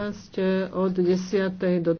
Eh, od 10. do